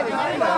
Obrigado.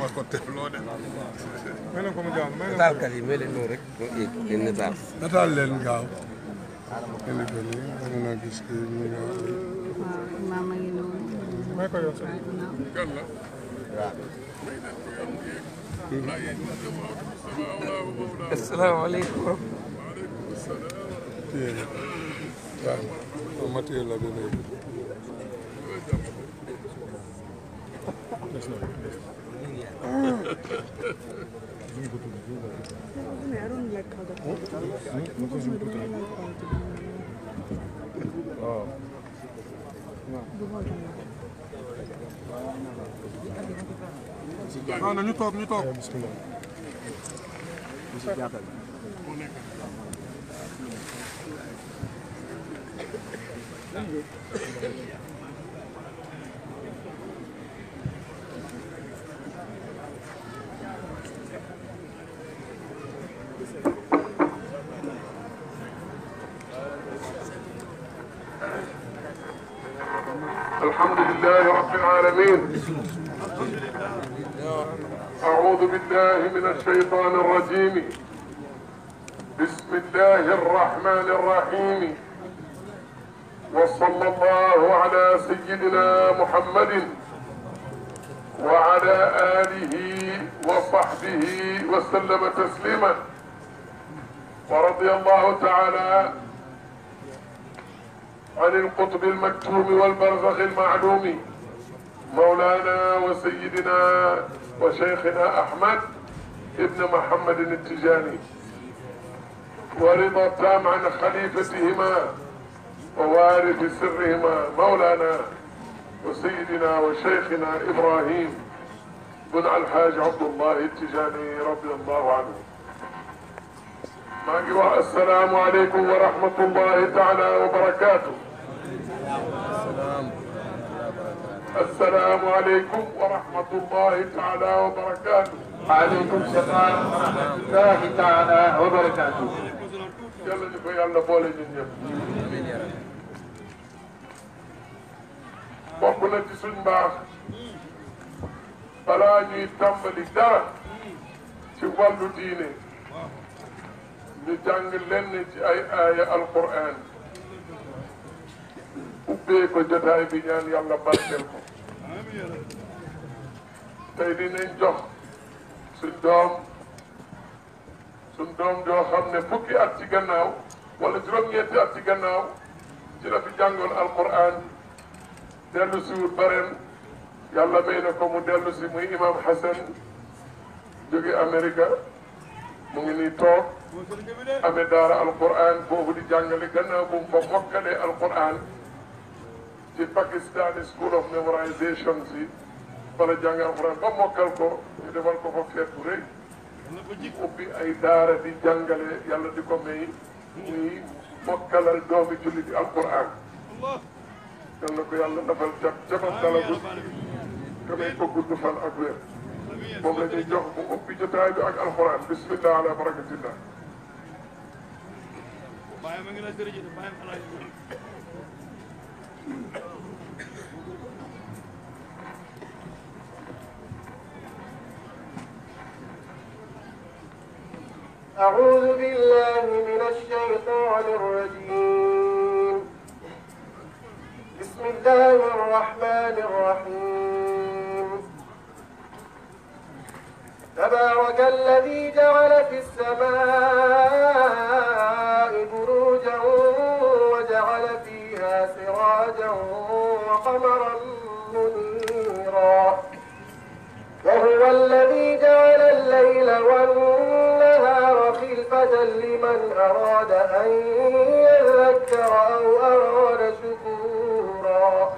ma ko tef loo def. may leen ko mu gaaw may leen ko nataalkat yi may leen ñëw rek. ngeen nataal. nataal leen na gis kii ñu nga. maama ngi ma téye la dana I don't like how that. Oh. No, no, you talk, you talk. Thank you. الحمد لله رب العالمين أعوذ بالله من الشيطان الرجيم بسم الله الرحمن الرحيم وصلى الله على سيدنا محمد وعلى آله وصحبه وسلم تسليما ورضي الله تعالى عن القطب المكتوم والبرزخ المعلوم مولانا وسيدنا وشيخنا أحمد ابن محمد التجاني ورضا تام عن خليفتهما ووارث سرهما مولانا وسيدنا وشيخنا إبراهيم بن الحاج عبد الله التجاني رضي الله عنه السلام عليكم ورحمة الله تعالى وبركاته السلام عليكم ورحمة الله تعالى وبركاته عليكم السلام ورحمة الله تعالى وبركاته يلا جفا يلا بولي جنجب بقنا تسن باخ بلا ñuy tambali dara ci walu ñu jàng lenn ci ay aaya alquran ubbee ko jotaay bi ñaan yàlla barkel ko tey dinañ jox suñ doom suñ doom joo xam ne fukki at ci gannaaw wala juróom ñetti at ci gannaaw ci la fi jàngoon alquran dellu si wut bareen yàlla may na ko mu dellu si muy imam xasan jóge amerika mu ngi nii toog amee daara alquran boobu di jàngale gannaaw bu mu fa mokkalee alquran ci Pakistani School of Memorization si bala jàng alquran ba mokkal ko ñu defal ko fa feet ubbi ay daara di jàngale yàlla di ko may muy mokkalal doomi julli di alquran yal ko yàlla dafal jàpp ko gudd fan ak wér moom jox mu ubbi jotaay bi ak alquran bismillah ala barakatillah أعوذ بالله من الشيطان الرجيم بسم الله الرحمن الرحيم تبارك الذي جعل في السماء سراجا وقمرا منيرا وهو الذي جعل الليل والنهار خلفة لمن أراد أن يذكر أو أراد شكورا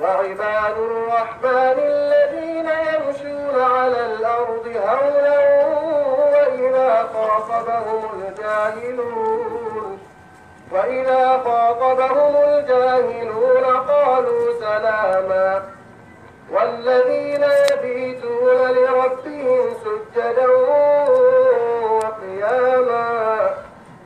وعباد الرحمن الذين يمشون على الأرض هولا وإذا خاطبهم الجاهلون وإذا خاطبهم الجاهلون قالوا سلاما والذين يبيتون لربهم سجدا وقياما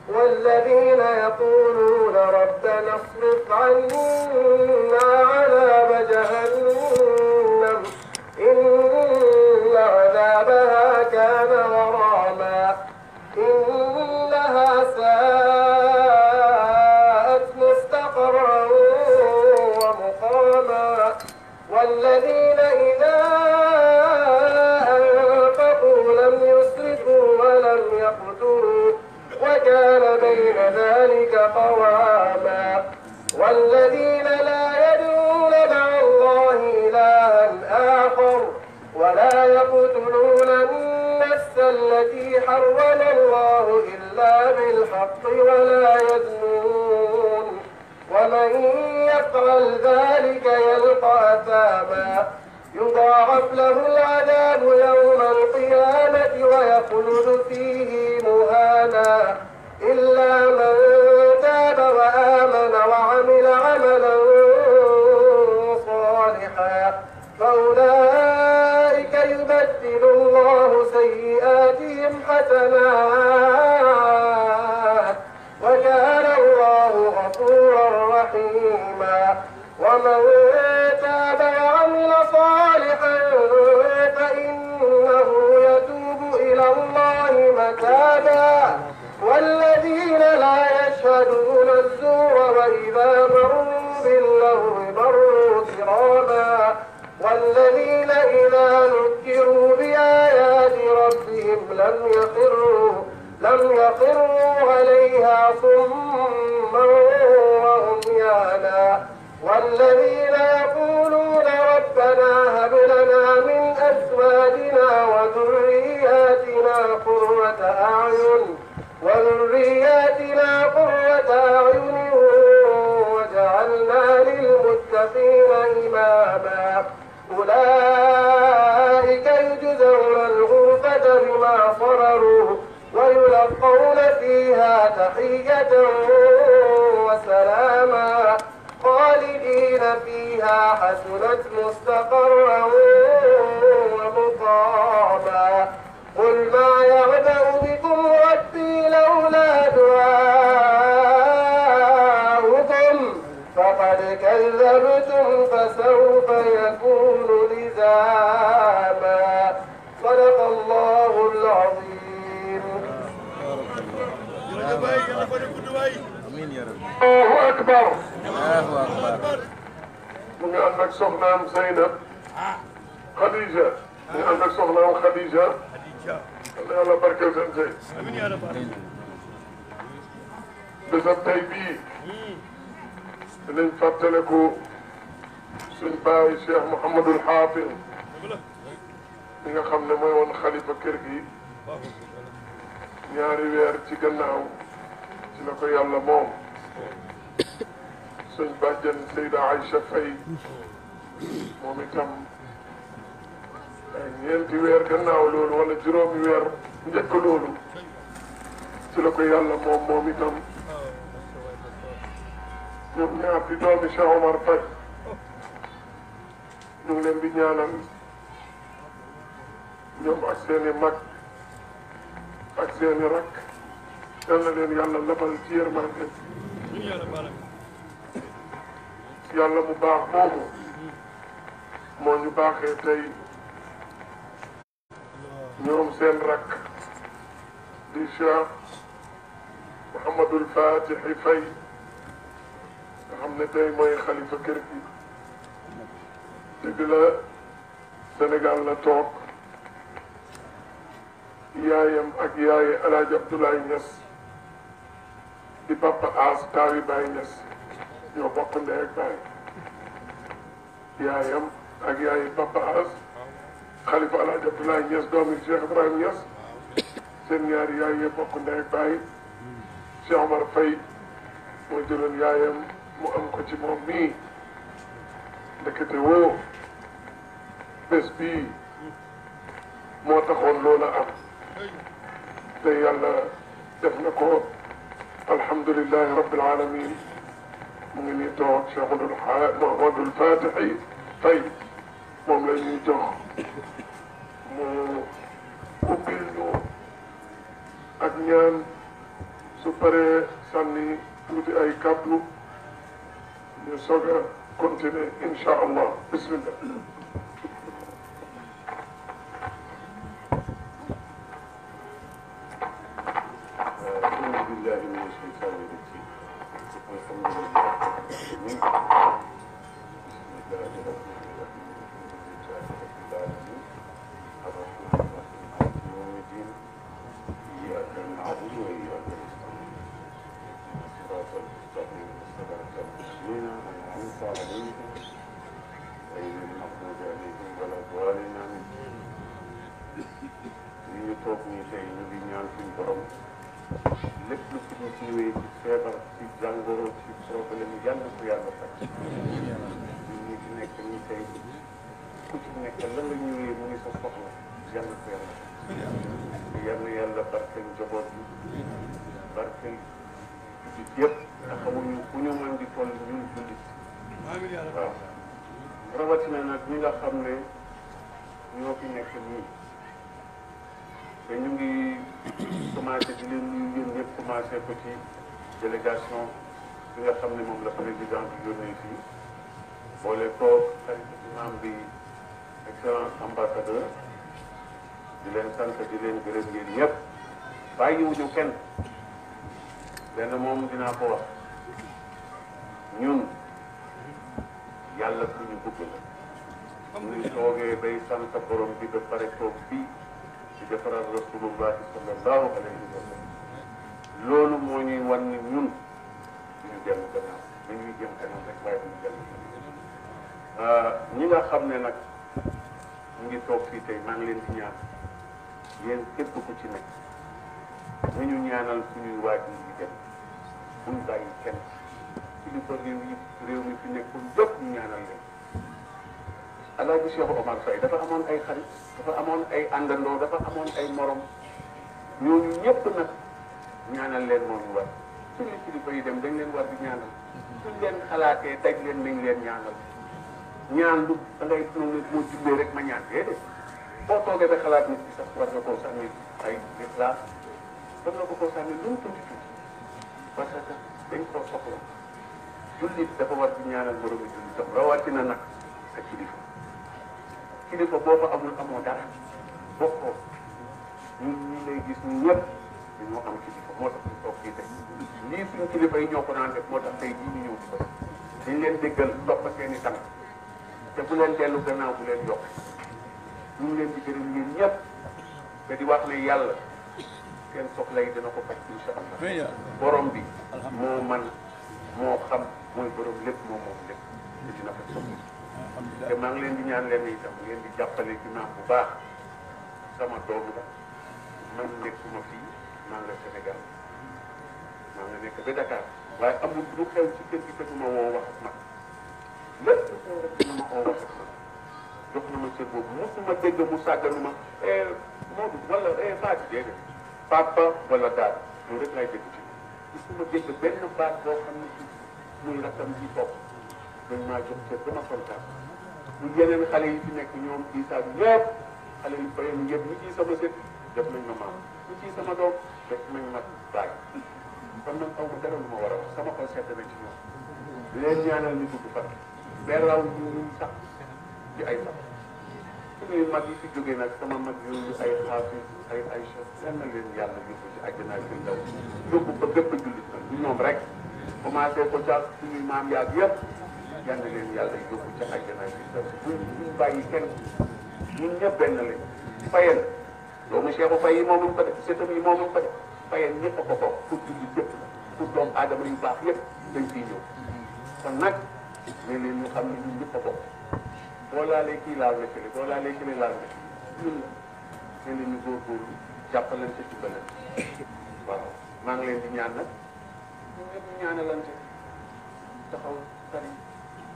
والذين يقولون ربنا اصرف عنا عذاب جهنم إن عذابها قواما والذين لا يدعون مع الله إلها آخر ولا يقتلون النفس التي حرم الله إلا بالحق ولا يزنون ومن يفعل ذلك يلقى أثاما يضاعف له العذاب يوم القيامة ويخلد فيه مهانا إلا من سماء وكان الله غفورا رحيما ومن تاب وعمل صالحا فإنه يتوب إلى الله متابا والذين لا يشهدون الزور وإذا مروا بالله مروا كراما والذين إذا ذكروا بآيات ربهم لم يقروا لم يقروا عليها صما وعميانا والذين يقولون ربنا هب لنا من أزواجنا وذرياتنا قرة أعين وذرياتنا قرة أولئك يجزون الغرفة بما فرروا ويلقون فيها تحية وسلاما خالدين فيها حسنت مستقرا ومقاما قل ما يعبأ بكم ربي لولا دعاء حسابا صدق الله العظيم امين يا رب الله اكبر الله اكبر من عندك سخنة زينب خديجة من عندك سخنة خديجة خديجة الله يلا بارك زين امين يا رب بس الطيبين اللي نفتلكوا سن باي شيخ محمد الحافظ ليغا خامني موي وون خليفه كيرغي نياري وير سي غناو سي لاكو يالا موم سن باجان سيدة عائشة فاي مومي تام نيانتي وير غناو لول ولا جيرومي وير نديك لول سي لاكو يالا موم مومي تام ñoom ñaar di doomi cheikh omar faye ñu ngi leen di ñaanal ñoom ak seen i mag ak seen i rakk yal na leen yàlla labal ci yërmande yàlla bu baax moomu moo ñu baaxee tey ñoom seen rakk di Cheikh Mouhamadul Fatihi Faye nga xam ne tey mooy xalifa kër gi dëgg la Sénégal la toog yaayam ak yaaye El Hadj Abdoulaye Niass di papa As taawi Baye Niass ñoo bokk ndey ak baay yaayam ak yaaye papa As xalifa El Hadj Abdoulaye Niass doomi Cheikh Ibrahim Niass seen ñaari yaay yee bokk ndey ak baay Cheikh Omar Faye moo jëloon yaayam mu am ko ci moom mii ndekete woo bés bii moo taxoon loola am te yàlla def na ko alhamdulilahi rabbil alamin mu ngi nii toog cheikhul mohamadul fatixi tey moom la ñuy jox mu ubbil ñu ak ñaan su paree sànni tuuti ay kàddu ñu soog a continuer incha allah bismillah 사람의 ñooki nekk nii te ñu ngi commencé di leen nuyu yéen ñëpp commencé ko ci délégation bi nga xam ne moom la président bi yónnee fii boole toog xarit imam bi excellence ambassadeur di leen sant di leen gërëm yéen ñëpp bàyyiwuñu kenn benn moom dinaa ko wax ñun yàlla ku ñu bëgg la buñ toogee bay sant borom bi ba pare toog fii ci defaraat rasulullahi sallallahu alayhi wa sallam loolu moo ñuy wan ni ñu jëm ñuy jëm kanam rek waaye duñu ñi nga xam ne nag mu ngi toog fii tey maa leen di ñaan yéen képp ko ci nekk ñu ñu ñaanal suñuy waajur yi dem buñ bàyyi kenn ci li ko réew yi réew mi fi nekkul jot ñu ñaanal leen alaaji Cheikh Omar Faye dafa amoon ay xarit dafa amoon ay àndandoo dafa amoon ay morom ñooñu ñëpp nag ñaanal leen moom ñu war suñu kilifa yi dem dañ leen war di ñaanal suñ leen xalaatee daj leen nañ leen ñaanal ñaan lu da ngay noonu moo jubbee rek ma ñaan déedéet boo toogee ba xalaat nit ki sax war nga koo sànni ay déplacé war nga ko koo sànni lu mu tuuti tuuti parce que dañ koo soxla jullit dafa war di ñaanal moromu jullitam rawatina nag ak kilifa ci ko boo fa amul amoo dara bokkoo ñun ñi lay gis ñun ñëpp dañoo am kilifa moo tax ñu toog fii tey lii suñ kilifa yi ñoo ko naan def moo tax tey jii ñu ñëw ci ko dañ leen déggal topp seen i tànk te bu leen dellu gannaaw bu leen yokk ñu leen di gërëm ñun ñëpp te di wax ne yàlla seen soxla yi dina ko faj incha allah borom bi moo man moo xam mooy borom lépp moom moom lépp dina faj soxla te maa ngi leen di ñaan leen itam ngeen di jàppale imaam bu baax sama doom la man nekkuma maa nga Sénégal maa nga nekk ba Dakar waaye amul lu xew ci kër gi te du ma woo wax ak man lépp lu xew rek dégg mu sàgganu ma eh Modou wala eh Fadi déedéet papa wala daal loolu rek laay dégg ci mosuma dégg benn baat boo xam ne muy rakam ji bopp dañ maa jox kër dama kontaan ñu yeneen xale yi fi nekk ñoom Issa ñëpp xale yu bëri ñëpp ñu ci sama sët def nañ ma maam ñu ciy sama doom def nañ ma baay kon nag aw ma dara lu ma war a wax sama xol sedd na ci ñoom leen ñaanal ñu gudd fan mais raw ñu ñuñ sax di ay sax suñuy mag yi fi jógee nag sama ma yooyu ay xaafis ay Aïcha lenn leen yàlla yóbbu ci àjjana ak ndaw yóbbu ba gëpp jullit nag ñu ñoom rek ma ko ca suñuy maam yaag yëpp yàlla leen yàlla yóbbu ca àjjana bi da buñ buñ bàyyi kenn ñun ñëpp benn lañ fayal doomu Cheikh Faye yi moomuñ ko def sëtam yi moomuñ ko def fayal ñëpp a ko bokk pour julli yëpp pour doomu yu baax yëpp dañ fiy ñëw kon nag ne leen ñu xam ne ñun ñëpp a bokk boo laalee kii laal na kële boo laalee kële laal na ñun ne leen ñu góorgóorlu jàppaleen sa jubbaleen waaw ñaan nag ñu ñëpp ñaanalante taxaw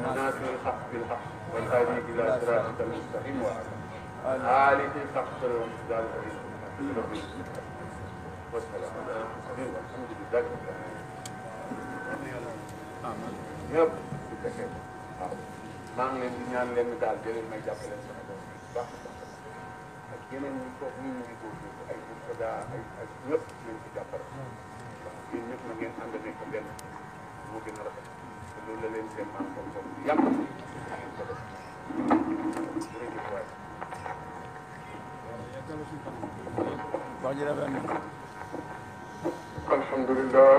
ناصر الحق بالحق والهادي الى صراطك loolu la leen seen maam comme ça yàgg ko def jërëjëf waay alhamdulilah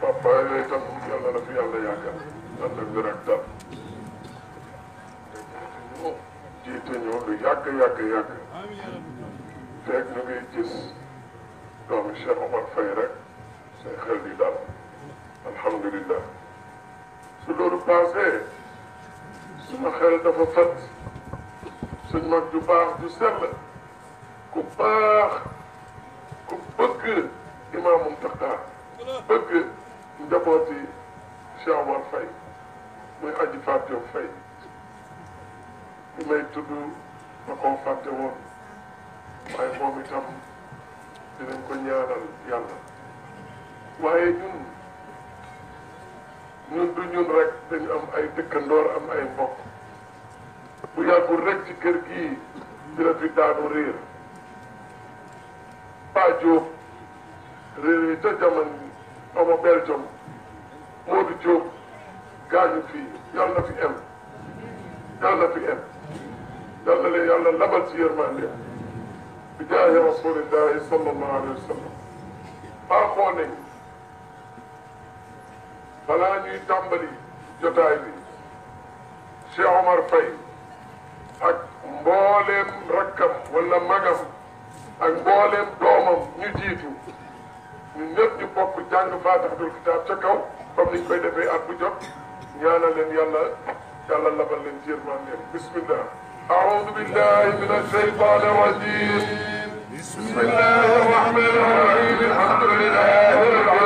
papa yi lay tam yàlla la fi yàlla yàggal ànd ak wér ak dal jiite ñoo lu yàgg yàgg yàgg fekk ñu ngi gis doomi Cheikh Omar Faye rek seen xel di dal alhamdulilah su loolu passé suma xel dafa fat suñ mag ju baax ju sell ku baax ku bëgg imaamu Muntaqaa bëgg njabooti Cheikh Omar Faye muy aji fàtte Faye li may tudd da koo fàtte woon waaye moom itam dinañ ko ñaanal yàlla waaye ñun ñun du ñun rek dañu am ay dëkkandoor am ay mbokk bu yàggul rek ci kër gii di la fi daanu réer Paa Diop réer yi ca jaman ama Belgium Modou Diop gaañu fii yàlla na fi em yàlla na fi em yàlla leen yàlla labal ci yërmande bi jaaye rasulillahi sallallahu alayhi wa sallam baaxoo nañ فلاني تمبلي جتاي بي سي عمر فاي اك مبولم ركم ولا مغم اك مبولم دومم ني جيتو ني نيب ني بوك جانغ فاتح دول كتاب تاكاو كوم ني كوي ديفاي اك بو جوب نيالا لين يالا يالا لبال لين جيرمان لين بسم الله اعوذ بالله من الشيطان الرجيم بسم الله الرحمن الرحيم الحمد لله رب العالمين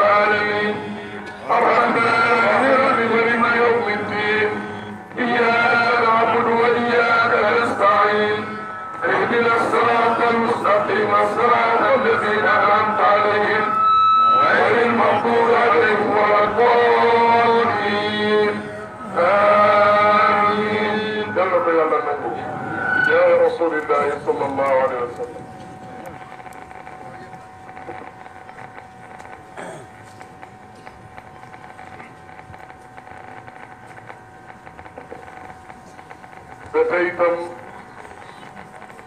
rasulillahi sallallahu alayhi wa sallam te tey itam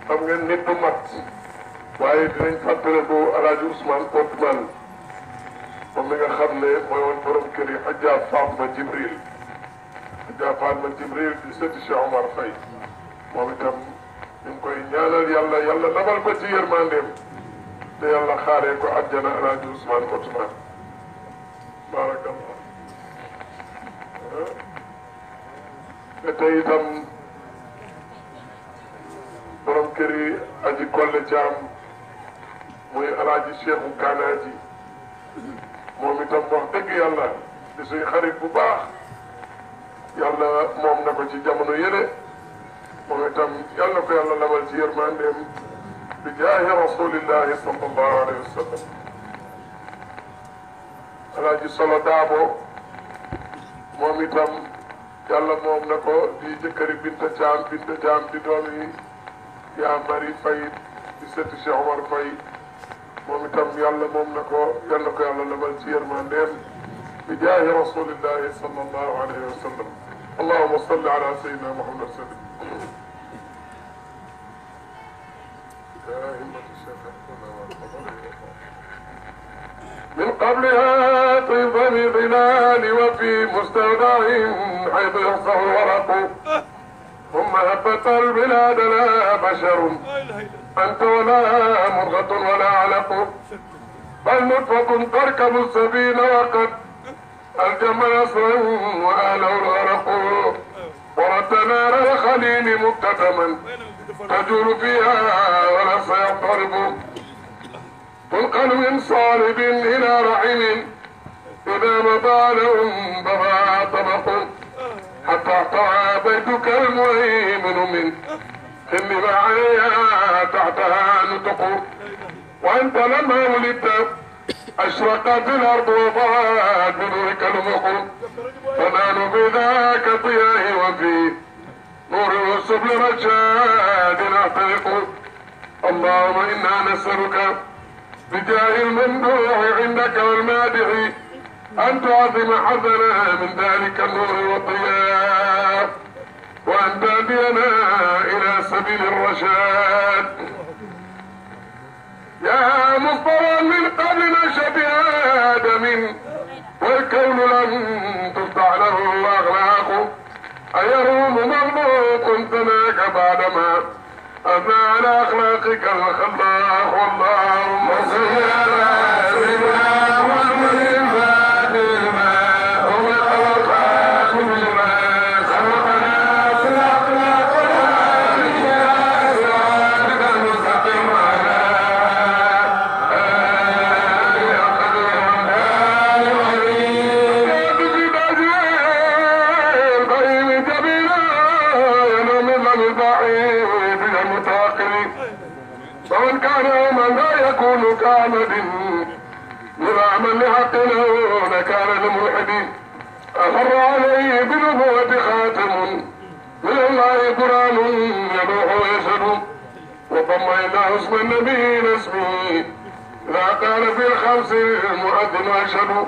xam ngeen nit bu mat waaye dinañ fàttaliku Alaaji Ousmane Portugal moom mi nga xam ne mooy woon borom kër yi Adja Fatma Jibril Adja Fatma Jibril di sëti Cheikh Omar Faye moom itam ñaanal yàlla yàlla dabal ko ci yërmandeem te yàlla xaaree ko àjjana alaaji Ousmane Ousmane barakallah eh? te tey itam borom kër yi aji Kolle Thiam muy alaaji Cheikhou Kana ji moom itam wax dëgg yàlla di suy xarit bu baax yàlla moom na ko ci jamono yële مغتم يلا في الله لما الجير بجاه رسول الله صلى الله عليه وسلم راجي صلى دابو مغتم يلا موم نكو دي جكري بنت جام بنت جام دي دومي يا مري فاي دي ست عمر فاي مغتم يلا موم نكو يلا الله لما الجير بجاه رسول الله صلى الله عليه وسلم اللهم صل على سيدنا محمد صلى الله عليه وسلم من قبلها طيب بالبنان وفي مستودعهم حيث يحصى الورق ثم هبت البلاد لا بشر انت ولا مرغة ولا علق بل نطفة تركب السبيل وقد الجمع نصرا واهله الغرق ورد نار الخليل مكتما تدور فيها ولا سيضطرب تلقى من صالب إلى رحم إذا مضى لهم بغى طبق حتى قطع بيتك المهيمن من خل عليها تحتها نطق وأنت لما ولدت أشرقت الأرض وضاعت بنورك المخ فنال بذاك طياه وفيه نور السبل والجاد نحترق اللهم إنا نسألك بجاه الممدوح عندك والمادح أن تعظم حظنا من ذلك النور والضياء وأن تهدينا إلى سبيل الرشاد أخلاقك وخلاق اللهم صل على سيدنا محمد وعند حسن النبي نسمي إذا كان في الخمس المؤذن أشهد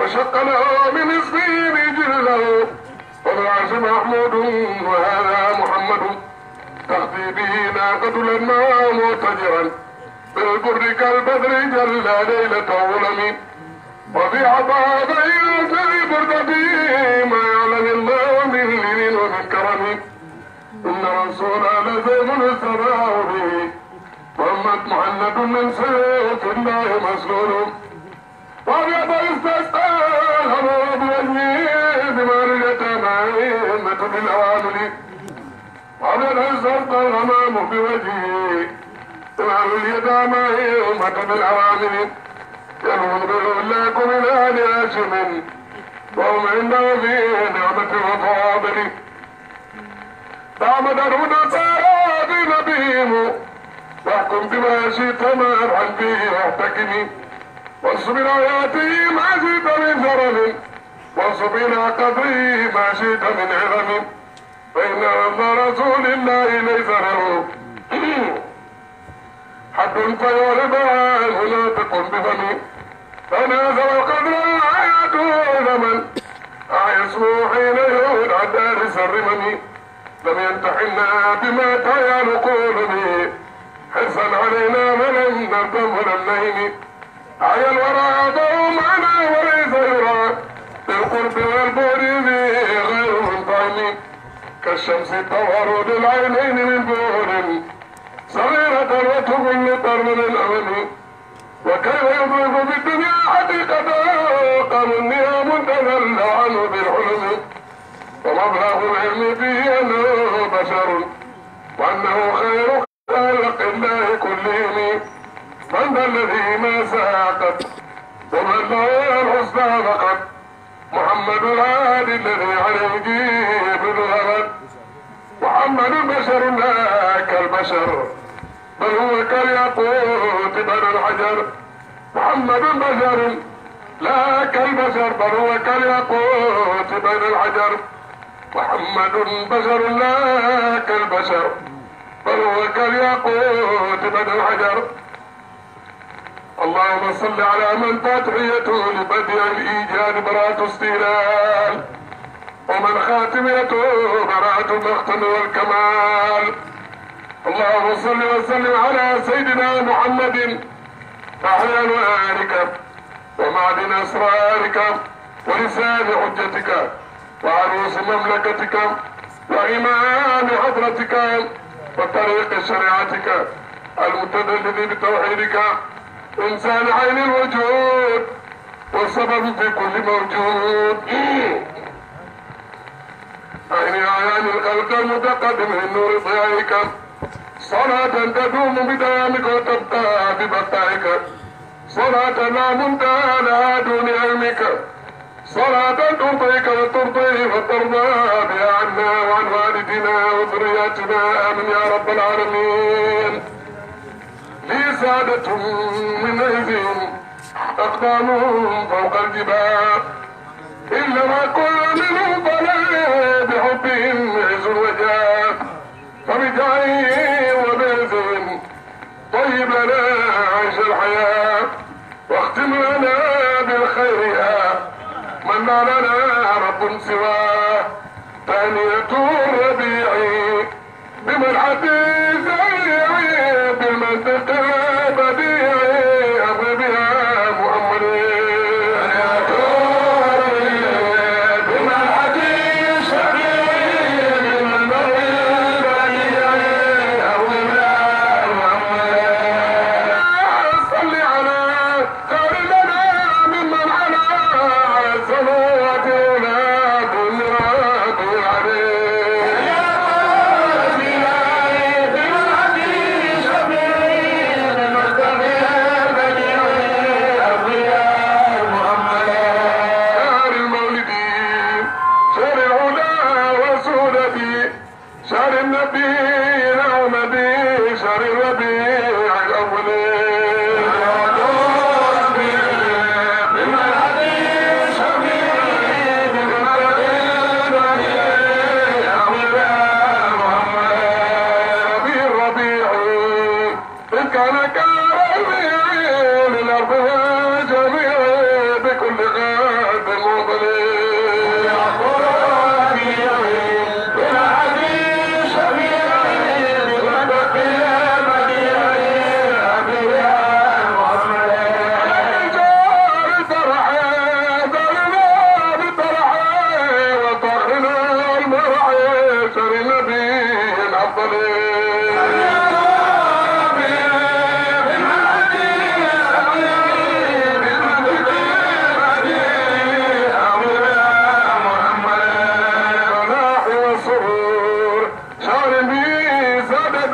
وشق له من الصين جله والعرش محمود وهذا محمد تأتي به ناقة لما متجرا بالبر كالبدر جل ليلة ولم وفي عطاء في بردتي ما يعلم الله من لين ومن كرم إن رسول لزم السماء به محمد محمد من سيف الله مسلول وابيض استسقى الابواب وجهي بما رجت مائمة يا وابيض استسقى الغمام بوجهي بما رجت مائمة بالاوامر ينظر الا كل ال هاشم وهم عنده في نعمة وفاضل دام درون سارى بنبيهم واحكم بما شئت وما افعل به واحتكمي واصبر ياتي ما شئت من شرم وانصب إلى قدره ما شئت من عظم فإن أمر رسول الله ليس له حد فيعرض طيب عنه لا تقم بفمي تنازل القدر آياته زمن أيسمو حين يهود عن دار السر مني لم ينتحنا بما كان قول حفظا علينا من طول الليل عيا الورى دوم على وليس يرى بالقرب والبعد به غير منطعم كالشمس التوارد العينين من بعد صغيرة وتغل من الأمل وكيف يضرب في الدنيا حقيقة قام النهام تذل عنه بالحلم ومبلغ العلم فيه أنه بشر وأنه خير طالق الله من ذا الذي ما ساقت ومن له الحسنى لقد محمد العاد الذي عليه بالغلط محمد بشر لا كالبشر بل هو كالياقوت بل الحجر محمد بشر لا كالبشر بل هو كالياقوت بل الحجر محمد بشر لا كالبشر بل كالياقوت بن الحجر اللهم صل على من تدعيته لبدء الايجاد براءة استهلال ومن خاتميته براءة المختم والكمال اللهم صل وسلم على سيدنا محمد أحلى انوارك ومعدن اسرارك ولسان حجتك وعروس مملكتك وامام حضرتك وطريق شريعتك المتدلل بتوحيدك إنسان عين الوجود والسبب في كل موجود عين أعيان الخلق المتقدم من نور ضيائك صلاة تدوم بدامك وتبقى ببقائك صلاة لا منتهى لها دون علمك صلاة ترضيك وترضيه فترضى بها عنا وعن والدنا وذرياتنا امن يا رب العالمين لي سادة من ايديهم اقدامهم فوق الجبال انما كل منهم طلع بحبهم عز وجاه فبجاهي وبعزهم طيب لنا عيش الحياه واختم لنا ما لنا رب سواه ان يكون ربيعي بمن بمن بالمنطق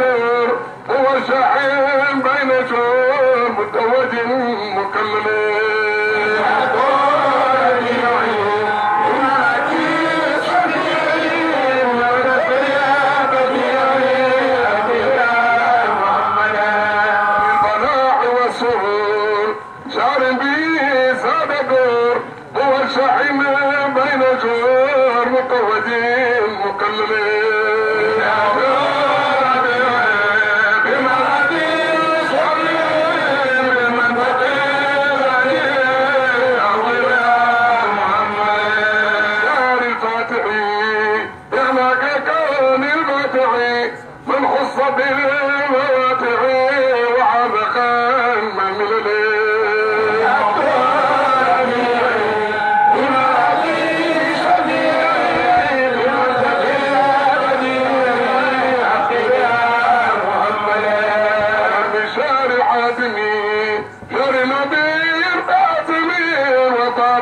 النور هو شاحن بين جوف متوج مكمل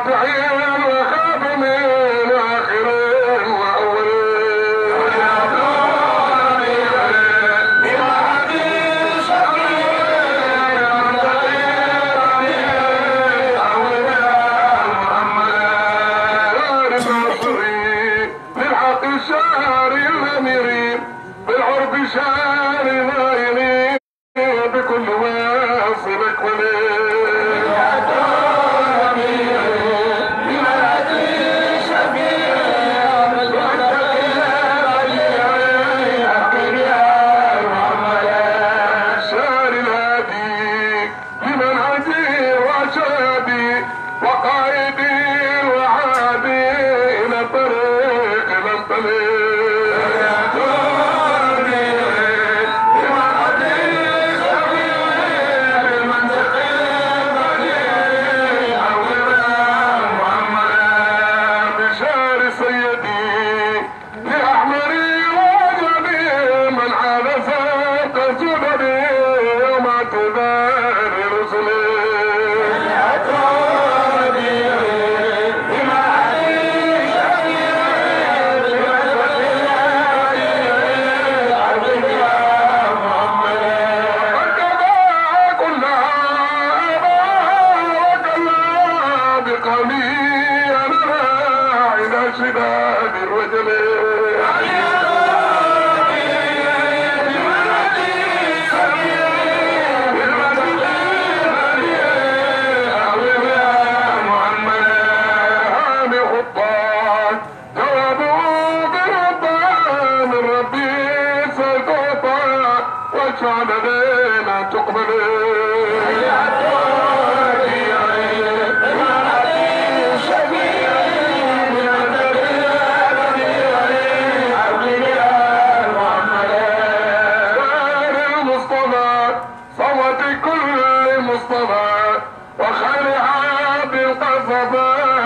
الرابعين